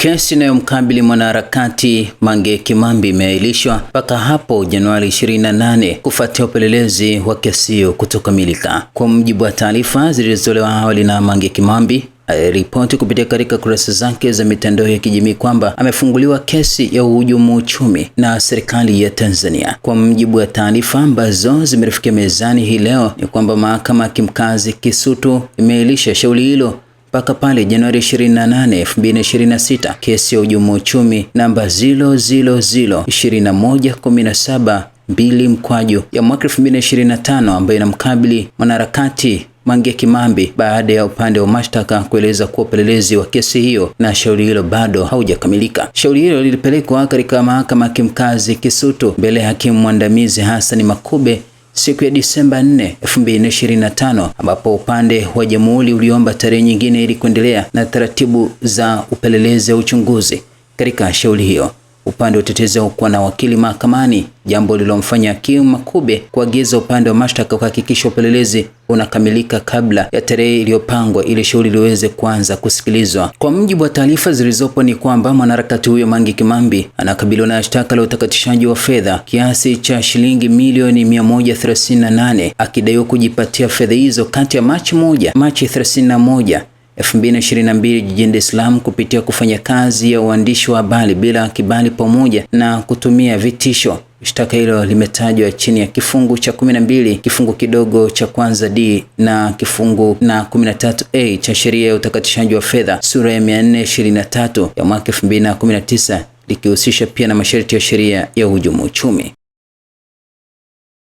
Kesi inayomkabili mwanaharakati Mange Kimambi imeahirishwa mpaka hapo Januari 28 kufuatia upelelezi wa kesi hiyo kutokamilika. Kwa mujibu wa taarifa zilizotolewa awali na Mange Kimambi aliripoti kupitia katika kurasa zake za mitandao ya kijamii kwamba amefunguliwa kesi ya uhujumu uchumi na serikali ya Tanzania. Kwa mujibu wa taarifa ambazo zimerifikia mezani hii leo, ni kwamba mahakama ya kimkazi Kisutu imeahirisha shauri hilo mpaka pale Januari 28, 2026 kesi ya uhujumu uchumi namba 0002117 mbili mkwaju ya mwaka 2025 ambayo inamkabili mwanaharakati Mange Kimambi baada ya upande wa mashtaka kueleza kuwa upelelezi wa kesi hiyo na shauri hilo bado haujakamilika. Shauri hilo lilipelekwa katika mahakama ya kimkazi Kisutu mbele ya hakimu mwandamizi Hassan Makube siku ya Disemba 4, 2025 ambapo upande wa jamhuri uliomba tarehe nyingine ili kuendelea na taratibu za upelelezi wa uchunguzi katika shauri hiyo. Upande wa utetezi haukuwa na wakili mahakamani, jambo lilomfanya Kim Makube kuagiza upande wa mashtaka kuhakikisha upelelezi unakamilika kabla ya tarehe iliyopangwa ili shauri liweze kuanza kusikilizwa. Kwa mjibu wa taarifa zilizopo ni kwamba mwanaharakati huyo Mangi Kimambi anakabiliwa na shtaka la utakatishaji wa fedha kiasi cha shilingi milioni 138 akidaiwa kujipatia fedha hizo kati ya Machi moja Machi 31 2022 jijini Dar es Salaam kupitia kufanya kazi ya uandishi wa habari bila kibali pamoja na kutumia vitisho. Shtaka hilo limetajwa chini ya kifungu cha 12 kifungu kidogo cha kwanza D na kifungu na 13A cha sheria ya utakatishaji wa fedha sura ya 423 ya mwaka 2019 likihusisha pia na masharti ya sheria ya uhujumu uchumi.